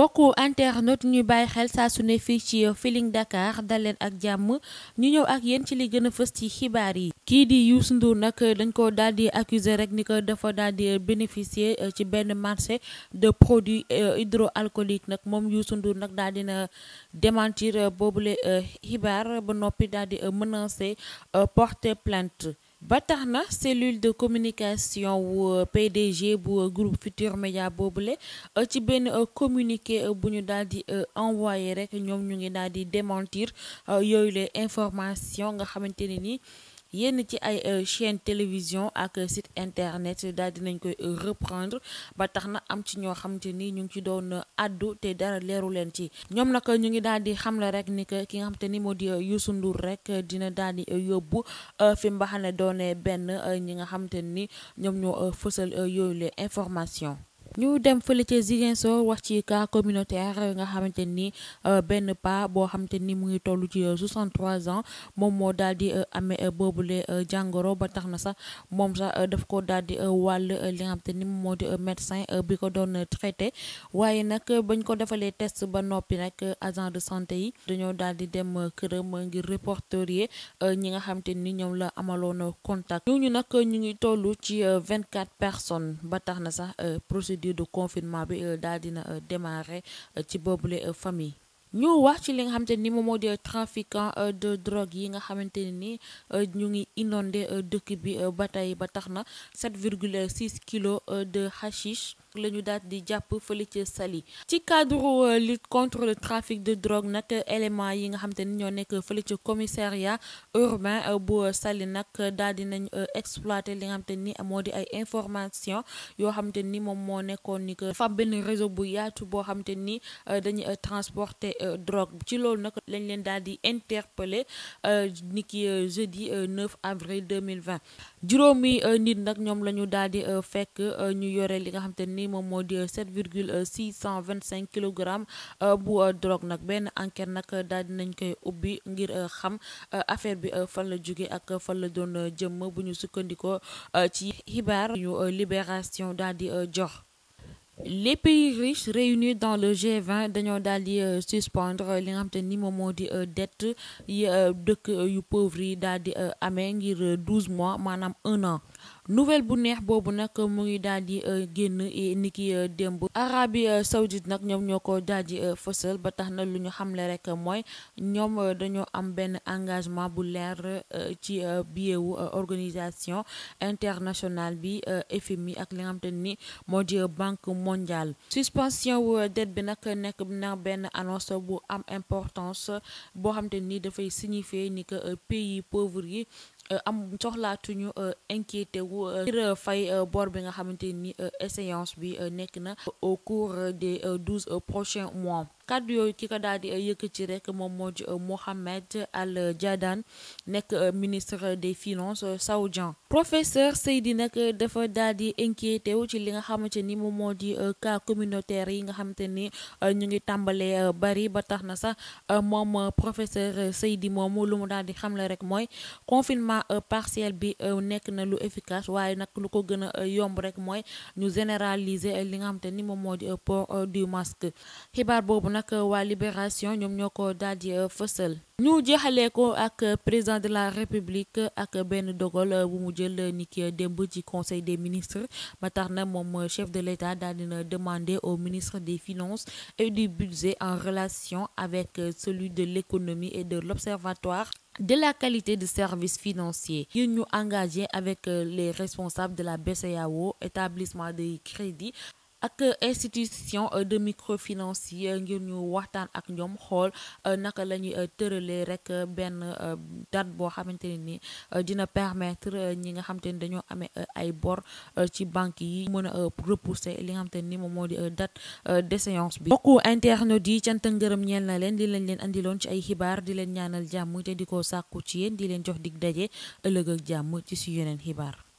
mbokku internet ñu bàyyi xel saa su ne fii ci Feeling Dakar dal ak jàmm ñu ñëw ak yéen ci li gën a fës ci xibaar yi. kii di Youssou nduur nag dañ ko daal di accuser rek ni ko dafa daal di bénéficier euh, ci benn marché de produits euh, hydroalcooliques nag moom Youssou Ndour nag daal dina euh, démentir boobule xibaar ba noppi daal di menacer porter plainte. ba tax na cellule de communication wu euh, PDG bu euh, groupe Futur Média boobule euh, ci benn communiqué bu ñu daal di envoyé rek ñoom ñu ngi daal di démentir yooyu les informations nga xamante ne nii. yenn ci ay euh, chaîne télévision ak euh, site internet daal dinañ koy euh, reprendre ba tax na am ci ñoo xamante ni ñu ngi ci doon addu te dara leeru leen ci ñoom nag ñu ngi daal di xam la rek ni que ki nga xamante ni moo di Youssou Ndour rek dina daal di yóbbu fi mbaxane doone benn ñi nga xamante ni ñoom ñoo fësal yooyu les informations ñu dem fële ca Ziguinchor wax ci cas communautaire nga xamante ni euh, benn pa boo xamante ni mu ngi toll ci 63 euh, ans moom moo daal di euh, amee boobule jàngoro ba tax na sax moom sax daf ko daal di wàll li nga xamante ni moom moo di médecin bi ko doon traité waaye nag bañ ko defalee test ba noppi nag agent de santé yi dañoo daal di dem këram ngir répertorier ñi nga xamante ni ñoom la amaloon contact ñu nag ñu ngi toll ci vingt 24 personnes ba tax na sax procédure procédure de confinement bi euh, daal dina euh, démarrer euh, ci boobule famille. ñu wax ci li nga xamante ni moom moo di trafiquant de drogue yi nga xamante ne ni ñu ngi inondé dëkk bi ba tey ba tax na 7,6 kilos de hashish. la ñu daal di jàpp fële ca Saly ci cadre euh, lutte contre le trafic de drogue nag élément yi nga xam te ni ñoo nekk fële ca commissariat urbain euh, bu sali nag daal di nañ euh, exploité li nga xam te ni moo di ay information yoo xam te ni moom moo nekkoon ni que fab benn réseau bu yaatu boo xam te ni dañuy transporter drogue ci loolu nag lañ leen daal di interpellé ni ki jeudi 9 avril 2020 juróomi nit nag ñoom lañu ñu daal fekk ñu yore li nga xam ni ni moom moo di 7 virgule 625 kilogramme euh, bu euh, drogue nag benn enquête nag daal nañ koy ubbi ngir euh, xam affaire bi fan la jóge ak fan la doon jëm bu ñu sukkandikoo ci xibaar ñu libération daal di jox les pays riches réunis dans le G20 dañoo daal di euh, suspendre euh, li nga xam te ni moom moo di euh, dette yi dëkk yu pauvres yi daal di amee ngir douze mois maanaam un an nouvelle bu neex boobu nag mu ngi daal di génn ni ki démb Arabie Saoudite nag ñoom ñoo ko daal di ba tax na lu ñu xamle rek mooy ñoom dañoo am benn engagement bu leer ci billet wu organisation internationale bi FMI ak li nga ni moo di banque mondial suspension wu dette bi nag nekk na benn annonce bu am importance boo xam te ni dafay signifier ni que euh, pays pauvre yi euh, am soxlaatuñu euh, inquiété wu ngir fay bor bi nga xamante ni échéance bi nekk na au cours des douze prochains mois kàddu yooyu ci ko daal di eh, yëkkati rek moom moo di eh, Mohamed Al Jadaan nekk eh, ministre des finances saoudien professeur Seydi nag dafa daal di inquiété ci li nga xamante ni moom moo di cas communautaire yi nga xamante ni ñu ngi tàmbalee bari ba tax na sax moom professeur Seydi moom lu mu daal di xamle rek mooy confinement partiel bi nekk na lu efficace waaye nag lu ko gën a yomb rek mooy ñu généraliser li nga xamante ni moom moo di port du masque xibaar nag waa Libération ñoom ñoo ko daal di euh, fësal. ñu jeexalee ko ak président de la république ak benn dogal euh, bu mu jël euh, ni ki ci conseil des ministres ba tax na moom chef de l'état daal dina demander au ministre des finances et du budget en relation avec celui de l'économie et de l'observatoire de la qualité de service financier yi ñu engagé avec les responsables de la BCEAO établissement de crédit ak euh, institution euh, de microfinance yi ngir ñu waxtaan ak ñoom xool euh, naka la ñuy tëralee rek benn date boo xamante ne ni dina permettre ñi nga xamante ni dañoo amee ay bor ci banque yi mën a repousser li nga xamante ni moom moo di date d'échéance bi. mbokku internet yi cant ngërëm ñeen na leen di lañ leen indiloon ci ay xibaar di leen ñaanal jàmm te di ko sàkku ci yéen di leen jox dig daje ëllëg ak jàmm ci si yeneen xibaar.